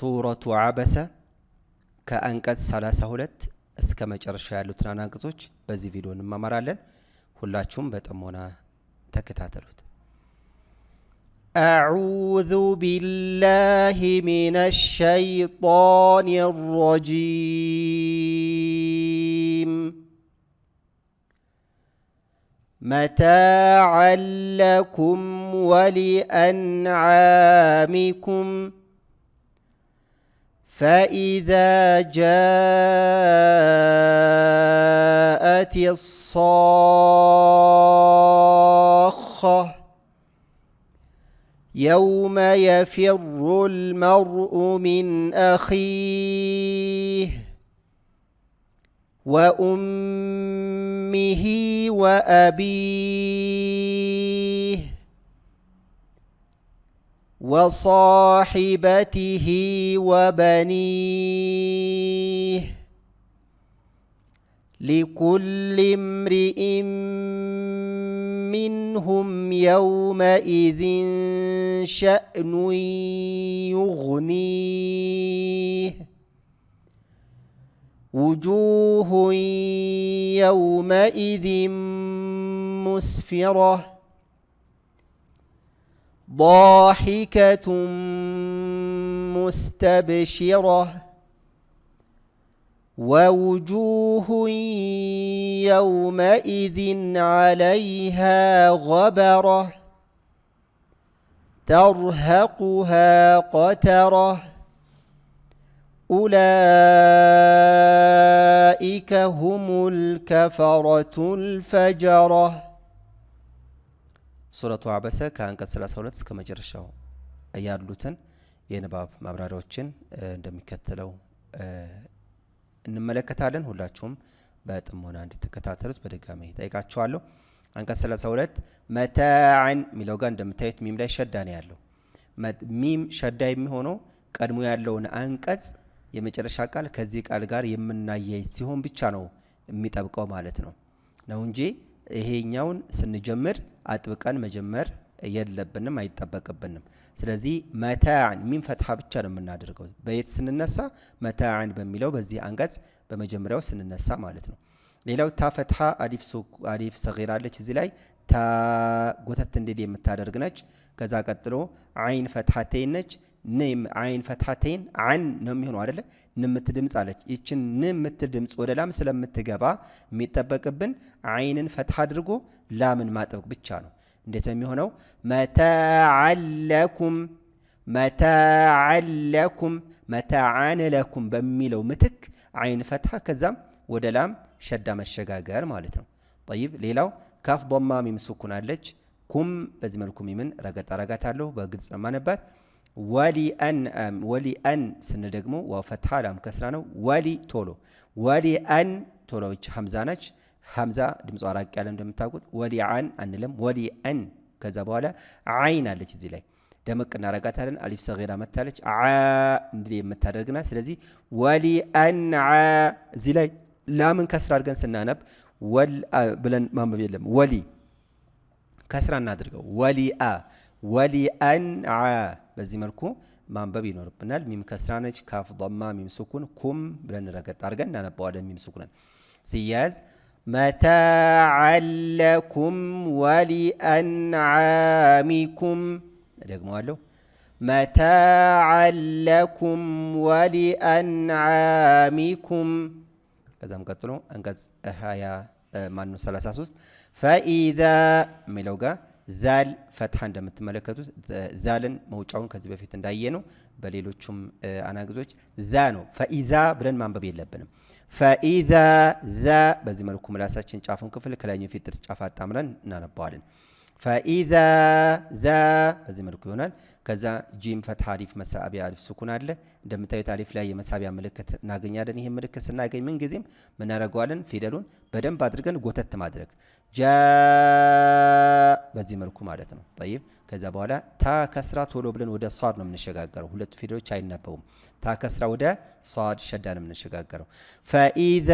ሱረቱ አበሰ ከአንቀጽ 32 እስከ መጨረሻ ያሉትን አናቅጾች በዚህ ቪዲዮ እንማማራለን። ሁላችሁም በጥሞና ተከታተሉት። አዑዙ ቢላሂ ሚነ ሸይጣን ረጂም መታዐን ለኩም ወሊአንዓሚኩም فإذا جاءت الصاخة يوم يفر المرء من أخيه وأمه وأبيه وصاحبته وبنيه لكل امرئ منهم يومئذ شأن يغنيه وجوه يومئذ مسفره ضاحكة مستبشرة ووجوه يومئذ عليها غبرة ترهقها قترة أولئك هم الكفرة الفجره ሱረቱ አበሰ ከአንቀጽ 32 እስከ መጨረሻው ያሉትን የንባብ ማብራሪያዎችን እንደሚከተለው እንመለከታለን። ሁላችሁም በጥሞና እንድትከታተሉት በድጋሚ ጠይቃችኋለሁ። አንቀጽ 32 መታዕን የሚለው ጋር እንደምታዩት ሚም ላይ ሸዳ ነው ያለው። ሚም ሸዳ የሚሆነው ቀድሞ ያለውን አንቀጽ የመጨረሻ ቃል ከዚህ ቃል ጋር የምናያይ ሲሆን ብቻ ነው የሚጠብቀው ማለት ነው ነው እንጂ ይሄኛውን ስንጀምር አጥብቀን መጀመር የለብንም አይጠበቅብንም። ስለዚህ መታዕን ሚን ፈትሐ ብቻ ነው የምናደርገው። በየት ስንነሳ መታዕን በሚለው በዚህ አንቀጽ በመጀመሪያው ስንነሳ ማለት ነው። ሌላው ታፈትሐ አሊፍ ሰጊራ አለች እዚህ ላይ ጎተት እንድል የምታደርግ ነች። ከዛ ቀጥሎ አይን ፈትሐቴን ነች። ንም አይን ፈትሐቴን አን ነው የሚሆነው አደለ? ንምት ድምፅ አለች። ይችን ንምትል ድምፅ ወደ ላም ስለምትገባ የሚጠበቅብን አይንን ፈትሐ አድርጎ ላምን ማጥበቅ ብቻ ነው። እንዴት ነው የሚሆነው? መታዓለኩም መታዓለኩም መታዓን ለኩም በሚለው ምትክ አይን ፈትሐ ከዛም ወደ ላም ሸዳ መሸጋገር ማለት ነው። ጠይብ ሌላው ካፍ ዶማ ሚም ሱኩን አለች። ኩም በዚህ መልኩ ሚምን ረገጣ ረጋታለሁ አለሁ በግልጽ ነው ማነባት። ወሊ አን ስንል ደግሞ ዋው ፈትሐ ላም ከስራ ነው። ወሊ ቶሎ ወሊ አን ቶሎ ብቻ ሐምዛ ነች። ሐምዛ ድምጽ ራቅ ያለ እንደምታውቁት ወሊ አን አንልም። ወሊ አን ከዛ በኋላ አይን አለች እዚህ ላይ ደመቅ እናረጋታለን። አሊፍ ሰራ መታለች አ እንዲህ የምታደርግና ስለዚህ ወሊ አን አ እዚህ ላይ ላምን ከስራ አድርገን ስናነብ ብለን ማንበብ የለም። ወሊ ከስራ እናድርገው። ወሊአ ወሊአን አ በዚህ መልኩ ማንበብ ይኖርብናል። ሚም ከስራ ነች። ካፍ ማ ሚም ስኩን፣ ኩም ብለን ረገጥ አድርገን እናነባዋለን። ሚም ስኩንን ሲያዝ መታዓን ለኩም ወሊአንዓሚኩም ደግመዋለሁ። መታዓን ለኩም ወሊአንዓሚኩም ከዛም ቀጥሎ አንቀጽ 20 ማን 33 ፈኢዛ የሚለው ጋር ዛል ፈትሐ እንደምትመለከቱት ዛልን መውጫውን ከዚህ በፊት እንዳየ ነው። በሌሎቹም አናግዞች ዛ ነው። ፈኢዛ ብለን ማንበብ የለብንም። ፈኢዛ ዛ በዚህ መልኩ ምላሳችን ጫፉን ክፍል ከላይኛው ፊት ጥርስ ጫፍ አጣምረን እናነባዋለን። ፈኢዛ ዛ በዚህ መልኩ ይሆናል። ከዛ ጂም ፈትሐ አሊፍ መሳቢያ አሊፍ ስኩን አለ። እንደምታዩት አሊፍ ላይ የመሳቢያ ምልክት እናገኛለን። ይህ ምልክት ስናገኝ ምን ጊዜም ምናደርገዋለን ፊደሉን በደንብ አድርገን ጎተት ማድረግ ጃ በዚህ መልኩ ማለት ነው። ጠይብ ከዛ በኋላ ታ ከስራ ቶሎ ብለን ወደ ሷድ ነው የምንሸጋገረው። ሁለቱ ፊደሎች አይነበቡም። ታ ከስራ ወደ ሷድ ሸዳ ነው የምንሸጋገረው። ፈኢዛ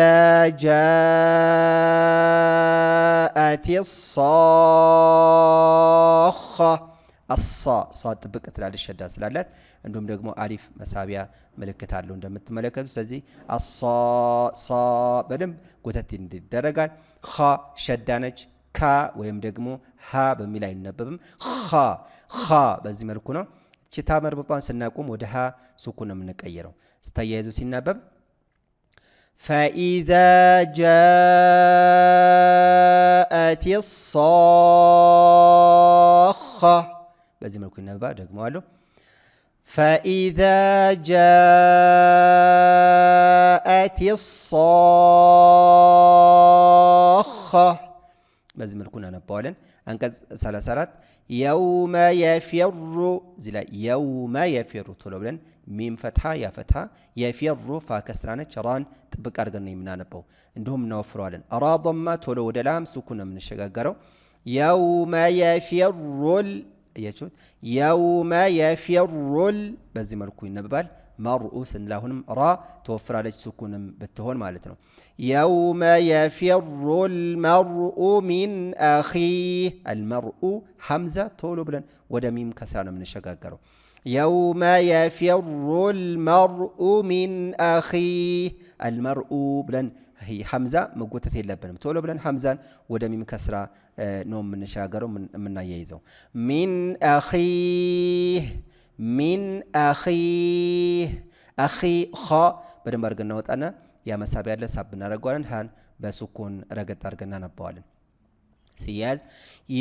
ጃአት ሷኻ አሷ ሷድ ጥብቅ ትላለች ሸዳ ስላላት፣ እንዲሁም ደግሞ አሊፍ መሳቢያ ምልክት አለው እንደምትመለከቱ። ስለዚህ አሷ ሷ በደንብ ጎተት ይደረጋል። ኻ ሸዳነች ካ ወይም ደግሞ ሀ በሚል አይነበብም። ኻ በዚህ መልኩ ነው። ችታ መርብጧን ስናቁም ወደ ሀ ሱኩን ነው የምንቀይረው። ስታያይዙ ሲናበብ ፈኢዛ ጃአት ሷኻ በዚህ መልኩ ይነበባ። ደግሞ فإذا جاءت الصاخة በዚህ መልኩ እናነባዋለን። አንቀጽ 34 የውመ የፌሩ እዚ ላይ የውመ የፌሩ ቶሎ ብለን ሚም ፈትሃ ያፈትሃ የፌሩ ፋከስራነች ራን ጥብቅ አድርገን ነው የምናነበው። እንዲሁም እናወፍረዋለን። ራ ዶማ ቶሎ ወደ ላም ሱኩን ነው የምንሸጋገረው። የውመ የፌሩል እያችሁት የውመ የፊሩል በዚህ መልኩ ይነበባል። መርኡ ስንል አሁንም ራ ተወፍራለች ስኩንም ብትሆን ማለት ነው። የውመ የፊሩል መርኡ ሚን አኺህ አልመርኡ ሐምዛ ቶሎ ብለን ወደ ሚም ከስራ ነው የምንሸጋገረው። የውመ የፊሩ ልመርኡ ሚን አኺህ አልመርኡ ብለን ሐምዛ መጎተት የለብንም። ቶሎ ብለን ሐምዛን ወደ ሚም ከስራ ነው የምንሸጋገረው የምናያይዘው። ሚን አኺህ ሚን አኺህ አኺ ኸ በደንብ አድርገን እናወጣና ያ መሳቢያ ሳብ እናደርገዋለን። ሃን በሱኩን ረገጥ አድርገን እናነባዋለን። ሲያዝ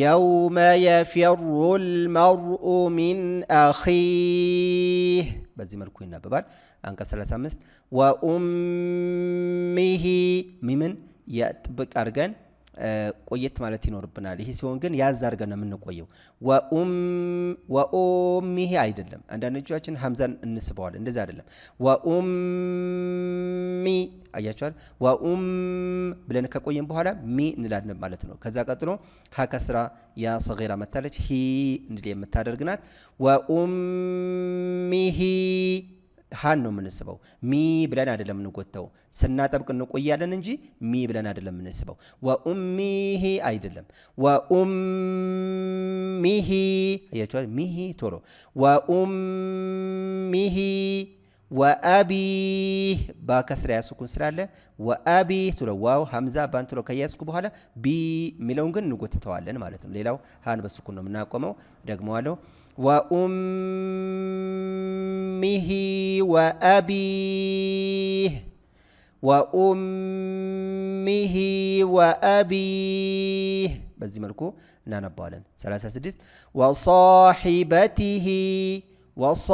የውመ የፊሩ ልመርኡ ሚን አኺህ በዚህ መልኩ ይነበባል አንቀጽ 35 ወኡሚሂ ሚምን የጥብቅ አድርገን ቆየት ማለት ይኖርብናል። ይሄ ሲሆን ግን ያዝ አድርገን ነው የምንቆየው። ወኡሚሂ አይደለም። አንዳንዶቻችን ሀምዛን እንስበዋል። እንደዚ አይደለም። ወኡሚ አያቸዋል። ዋኡም ብለን ከቆየን በኋላ ሚ እንላለን ማለት ነው። ከዛ ቀጥሎ ሀከስራ ያ ሰራ መታለች ሂ የምታደርግ የምታደርግናት ወኡሚሂ ሃን ነው የምንስበው። ሚ ብለን አይደለም እንጎተው ስናጠብቅ እንቆያለን እንጂ ሚ ብለን አይደለም የምንስበው። ወኡሚሂ አይደለም፣ ወኡሚሂ አያቸዋል። ሚሂ ቶሎ ወኡሚሂ ወአቢህ ባከስራ ያሱኩን ስላለ ወአቢህ ትሎ ዋው ሀምዛ ባን ትሎ ከያዝኩ በኋላ ቢ የሚለውን ግን እንጎትተዋለን ማለት ነው። ሌላው ሀን በሱኩን ነው የምናቆመው። ደግመዋለሁ። ወኡሚሂ ወአቢህ ወኡሚሂ ወአቢህ በዚህ መልኩ እናነባዋለን። 36 ወሳሒበቲሂ ወሷ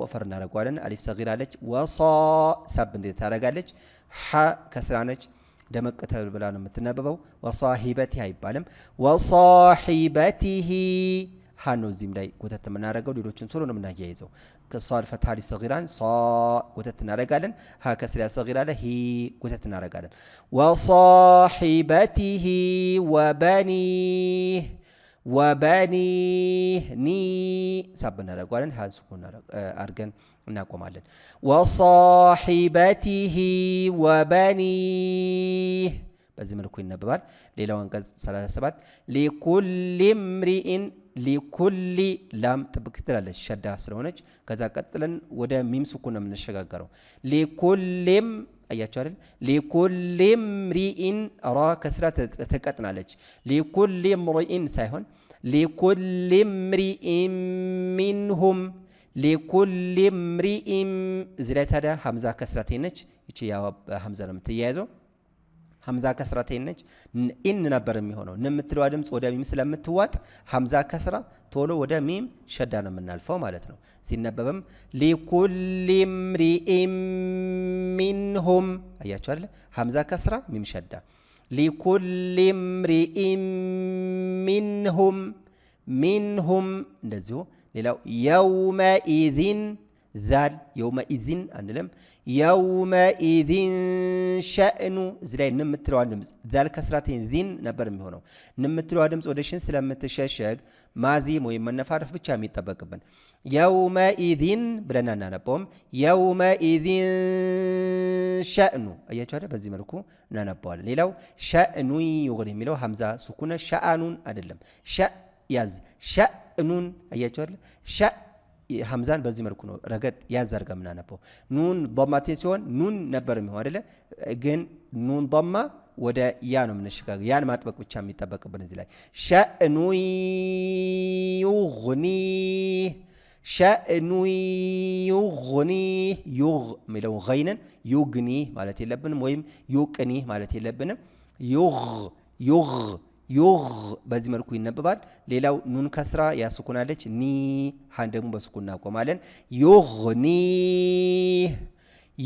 ወፈር እናደርገዋለን። አሊፍ ሰጊራ አለች። ወሷ ሳብ እንዴት ታደርጋለች? ሐ ከስራ ነች። ደመቅ ተብል ብላ ነው የምትነበበው። ወሳሂበቲህ አይባልም። ወሳሂበቲህ ሀ ነው እዚህም ላይ ጎተት የምናደርገው። ሌሎችን ቶሎ ነው የምናያይዘው። ከሷል ፈትሐ ሊሰጊራን ሷ ጎተት እናደርጋለን። ሀ ከስራ ሰጊራ ለ ሂ ጎተት እናደርጋለን። ወሳሂበቲህ ወበኒህ ወበኒህ ኒ ሳብ እናደርገዋለን። ሃን ሱኩን አድርገን እናቆማለን። ወሳሒበቲሂ ወበኒህ በዚህ መልኩ ይነበባል። ሌላው አንቀጽ 37 ሊኩሊ ምሪኢን ሊኩሊ ላም ጥብቅ ትላለች፣ ሸዳ ስለሆነች። ከዛ ቀጥለን ወደ ሚም ሱኩን ነው የምንሸጋገረው። ሊኩሊም አያቸው አይደል ሊኩል ምሪኢን ራ ከስራ ተቀጥናለች። ሊኩል ምሪኢን ሳይሆን ሊኩል ምሪኢን ሚንሁም ሊኩል ምሪኢን እዚ ላይ ታዲያ ሀምዛ ከስራቴ ነች። ይቺ ያው ሀምዛ ነው የምትያያዘው። ሀምዛ ከስራ ተይነች ኢን ነበር የሚሆነው ን የምትለዋ ድምፅ ወደ ሚም ስለምትዋጥ ሀምዛ ከስራ ቶሎ ወደ ሚም ሸዳ ነው የምናልፈው ማለት ነው። ሲነበብም ሊኩል ምሪኢም ሚንሁም አያቸው አለ ሀምዛ ከስራ ሚም ሸዳ ሊኩል ምሪኢም ሚንሁም ሚንሁም እንደዚሁ ሌላው የውመኢዚን ዛል የውመኢዚን አንልም። የውመኢዝን ሸእኑ እዚ ላይ ንምትለዋ ድምፅ ዛል ከስራቴን ዚን ነበር የሚሆነው። ንምትለዋ ድምፅ ወደ ሽን ስለምትሸሸግ ማዚም ወይም መነፋረፍ ብቻ የሚጠበቅብን የውመኢዝን ብለና እናነበውም። የውመኢዝን ሸእኑ እያቸው አይደል? በዚህ መልኩ እናነበዋለን። ሌላው ሸእኑ ይውል የሚለው ሀምዛ ሱኩነ ሸአኑን አይደለም። ሸ ያዝ ሸእኑን እያቸው አይደል? ሀምዛን በዚህ መልኩ ነው ረገጥ ያዘርጋ ምናነበው ኑን ዶማቴ ሲሆን ኑን ነበር የሚሆን አደለ? ግን ኑን ማ ወደ ያ ነው የምንሸጋገር። ያን ማጥበቅ ብቻ የሚጠበቅብን እዚህ ላይ ሸእኑ ሸእኑ ዩኒ ዩግ የሚለው ይንን ዩግኒ ማለት የለብንም፣ ወይም ዩቅኒ ማለት የለብንም። ዩግ ዩግ ዮህ በዚህ መልኩ ይነበባል። ሌላው ኑን ከስራ ያስኩናለች ኒ ሃን ደግሞ በስኩን እናቆማለን። ዮኒህ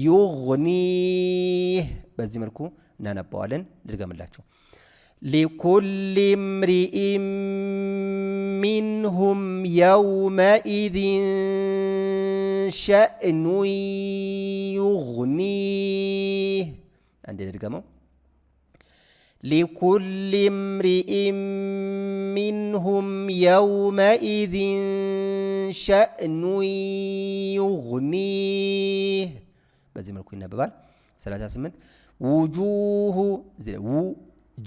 ዮኒህ በዚህ መልኩ እናነባዋለን። ድርገምላችሁ ሊኩል ምሪኢም ሚንሁም የውመኢዝን ሸእኑ ዩኒህ አንድ ድርገመው ሊኩል ምሪኢም ሚንሁም የውመኢዝን ሸእኑ ዩግኒህ። በዚህ መልኩ ይነበባል። 38 ውጁሁ ው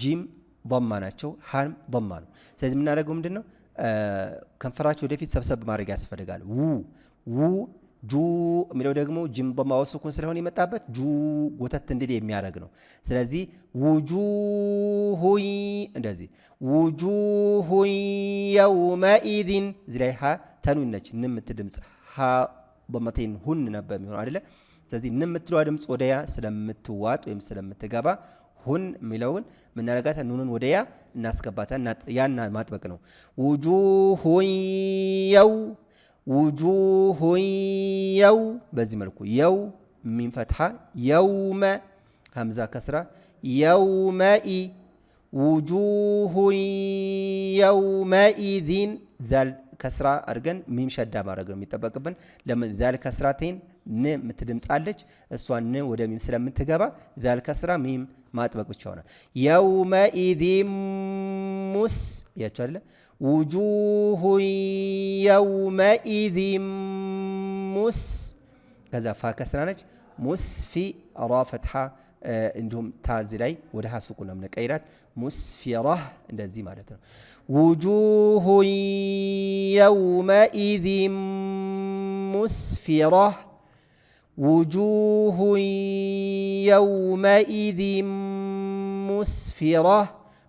ጂም ማ ናቸው፣ ሃም ማ ነው። ስለዚህ የምናደርገው ምንድን ነው? ከንፈራቸው ወደፊት ሰብሰብ ማድረግ ያስፈልጋል። ው ጁ የሚለው ደግሞ ጅም በማወዝ ሱኩን ስለሆነ የመጣበት ጁ ጎተት እንድል የሚያደርግ ነው። ስለዚህ ውጁሁይ እንደዚህ ውጁሁይ የውመኢዚን እዚ ላይ ሀ ተኑን ነች ንምት ድምፅ ሀ በመቴን ሁን ነበር የሚሆን አይደለ። ስለዚህ ንምትለዋ ድምፅ ወደያ ስለምትዋጥ ወይም ስለምትገባ ሁን የሚለውን ምናረጋታ ኑኑን ወደያ እናስገባታ ያና ማጥበቅ ነው። ውጁሁይ የው ውጁሁን የው በዚህ መልኩ የው ሚም ፈትሐ የውመ ሀምዛ ከስራ የውመኢ ውጁሁን የውመኢዚን ዛል ከስራ አድርገን ሚም ሸዳ ማድረግ ነው የሚጠበቅብን። ለምን ዛል ከስራቴን ን የምትድምጻለች እሷን ን ወደ ሚም ስለምትገባ ዛል ከስራ ሚም ማጥበቅ ብቻ ሆናል። የውመኢዚን ሙስ ያቸዋለ وجوه يومئذ مس كذا فاكسرانج مسفي في رافتها آه، عندهم تازي لاي ودها سكون من كيرات مسفرة عند ማለት ነው وجوه يومئذ مسفرة وجوه يومئذ مسفرة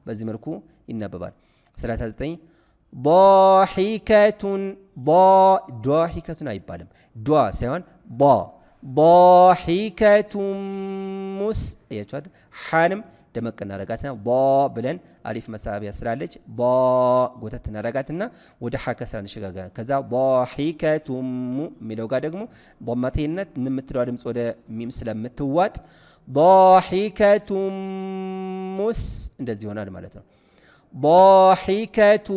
በዚህ መልኩ ይነበባል 39 ضاحከቱን ዷሂከቱን አይባልም። ዷ ሳይሆን ضاحከቱን ሙስ እያቸዋል። ሓንም ደመቅ እናረጋትና ብለን አሊፍ መሳቢያ ስላለች ጎተት እናረጋትና ወደ ሓ ከስራ እንሸጋገር። ከዛ ضاحከቱን የሚለው ጋር ደግሞ ዶማቴነት ንምትለዋ ድምፅ ወደ ሚም ስለምትዋጥ ضاحከቱን ሙስ እንደዚህ ይሆናል ማለት ነው። ضاحከቱ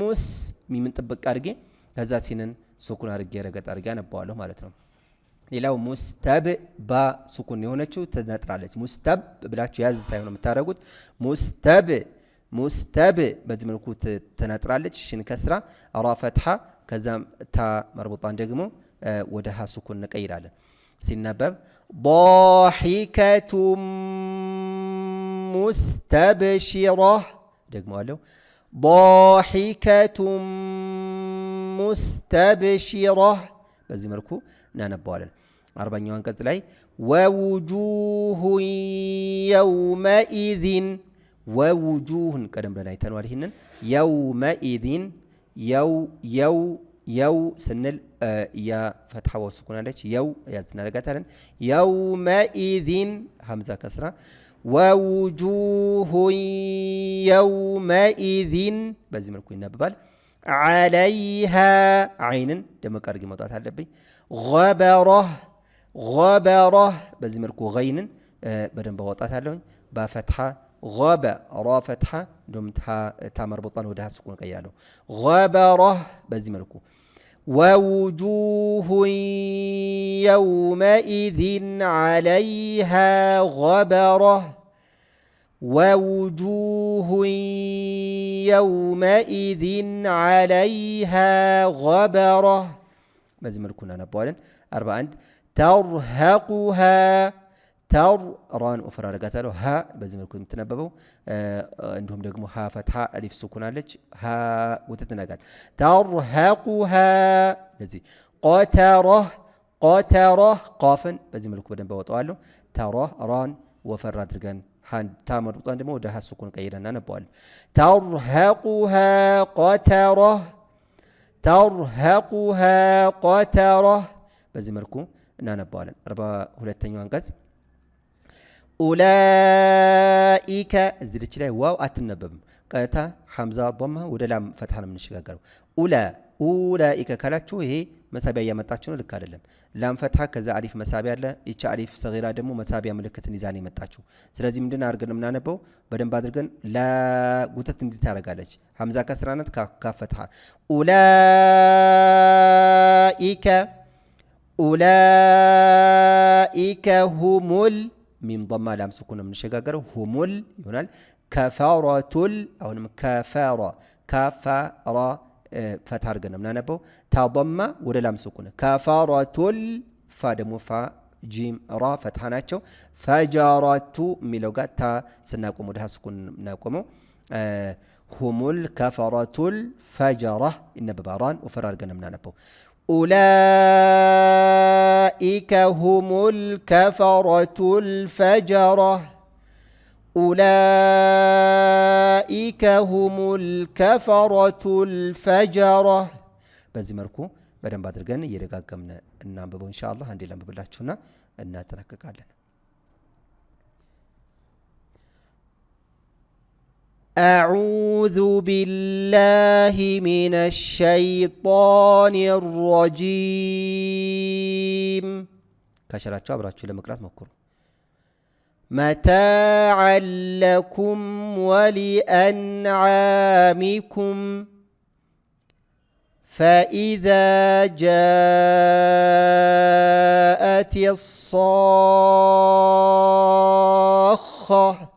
مس ሚምን ጥብቅ አድርጌ كذا سينن سكون አድርጌ ረገጥ አድርጌ አነባዋለሁ ማለት ሌላው ሙስተብ ባ ሱኩን የሆነችው ትነጥራለች። ሙስተብ ብላችሁ ያዝ ሳይሆን የምታደርጉት ሙስተብ ሙስተብ በዚህ መልኩ ትነጥራለች። ሽን ከስራ አራ ፈትሓ ከዛም እታ መርቡጣን ደግሞ ወደ ሀ ሱኩን እንቀይራለን። ሲነበብ ضاحከቱ مستبشرة ደግሞ አለው ضاحكة مستبشرة በዚህ መልኩ እናነባዋለን። አርባኛው አንቀጽ ላይ ወውጁሁ የውመኢዝን ወውጁሁን ቀደም ብለን አይተነዋል። ይህንን የውመኢዝን የው የው የው ስንል ያ ፈትሐ ወስኩናለች። የው ያዝናረጋታለን። የውመኢዝን ሀምዛ ከስራ ወውጁሁን የውመኢዚን በዚህ መልኩ ይነበባል ዓለይሃ ዓይንን ደመቅ አድርጌ መውጣት አለብኝ። በሮህ በሮህ በዚህ መልኩ ይንን በደንብ አወጣት አለሁኝ። በፈትሓ በ ሮ ፈትሓ እንዲሁም ታመርቦጣን ወደ ሀስኩን ቀያለሁ። በሮህ በዚህ መልኩ ووجوه يومئذ عليها غبره ووجوه يومئذ عليها غبره نكون أنا نبوالن أربعة ترهقها ተር ራን ኦፈር አደርጋታለሁ። ሀ በዚህ መልኩ የምትነበበው እንዲሁም ደግሞ ሀ ፈትሓ አሊፍ ስኩናለች። ሀ ወተት እናጋት ተርሐቁሃ በዚህ ቆተሮህ ቆተሮህ ቆፍን በዚህ መልኩ በደንብ አወጣዋለሁ። ተሮህ ራን ወፈር አድርገን ታመር ደግሞ ወደ ሀ ስኩን ቀይረን እናነበዋለን። ተርሐቁሃ ቆተሮህ ተርሐቁሃ ቆተሮህ በዚህ መልኩ እናነበዋለን። አርባ ሁለተኛው አንቀጽ ኡላኢከ እዚህ ላይ ዋው አትነበብም። ቀጥታ ሐምዛ ማ ወደ ላም ፈትሐ ነው የምንሸጋገረው። ኡላ ኡላኢከ ካላችሁ ይሄ መሳቢያ እያመጣችሁ ነው፣ ልክ አይደለም። ላም ፈትሐ ከዛ አሊፍ መሳቢያ አለ። ይቺ አሊፍ ሰጊራ ደግሞ መሳቢያ ምልክትን ይዛ ነው የመጣችሁ። ስለዚህ ምንድን አድርገን የምናነበው በደንብ አድርገን ለጉተት እንዲህ ታደርጋለች። ሐምዛ ከስራ ናት፣ ካፈትሐ ኡላኢከ ኡላኢከ ሁሙል ሚም ማ ላም ስኩን ነው የምንሸጋገረው። ሁሙል ይሆናል። ከፈረቱል አሁንም ከፈረ ካፋራ ፈታ አድርገን ነው የምናነበው። ታማ ወደ ላም ስኩን ከፈረቱል ፋ ደግሞ ፋ ጂም ራ ፈትሐ ናቸው። ፈጃራቱ የሚለው ጋር ታ ስናቆም ወደ ሀስኩን ስኩን እናቆመው። ሁሙል ከፈረቱል ፈጀራ ይነበባራን ራን ወፈር አድርገን የምናነበው። أولئك هم الكفرة الفجرة أولئك هم الكفرة الفجرة بزي مركو بدن بادرغن هندي እናንብበው ኢንሻአላህ አንዴ ላንብብላችሁና እናጠናቀቃለን أعوذ بالله من الشيطان الرجيم كشراتشو أبراتشو لمقرات مكر متاعا لكم ولأنعامكم فإذا جاءت الصاخة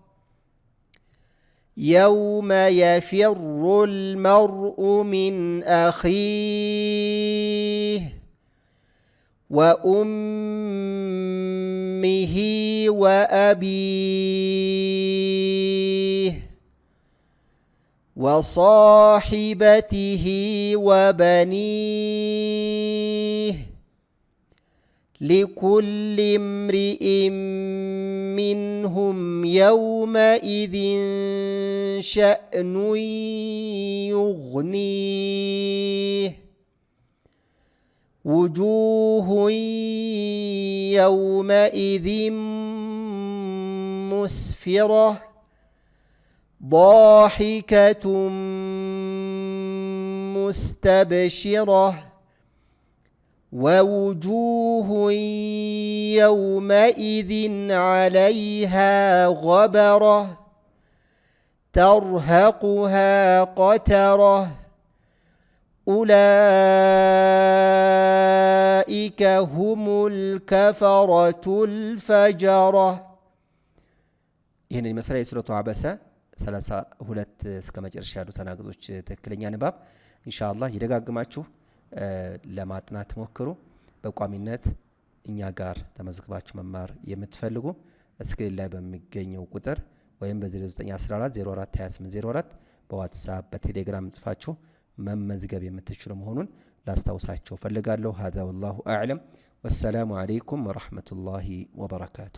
يوم يفر المرء من اخيه وامه وابيه وصاحبته وبنيه لكل امرئ منهم يومئذ شأن يغنيه وجوه يومئذ مسفرة ضاحكة مستبشره ووجوه يومئذ عليها غبره ترهقها قتره اولئك هم الكفره الفجره ይህንን ይመስላል የሱረቱ አበሰ 32 እስከ መጨረሻ ያሉ ተናግዞች ትክክለኛ ንባብ ኢንሻ አላህ ይደጋግማችሁ ለማጥናት ሞክሩ። በቋሚነት እኛ ጋር ተመዝግባችሁ መማር የምትፈልጉ እስክሪን ላይ በሚገኘው ቁጥር ወይም በ0914042804 በዋትሳፕ በቴሌግራም ጽፋችሁ መመዝገብ የምትችሉ መሆኑን ላስታውሳቸው ፈልጋለሁ። ሀዛ ወላሁ አዕለም። ወሰላሙ አሌይኩም ወረሕመቱላሂ ወበረካቱ።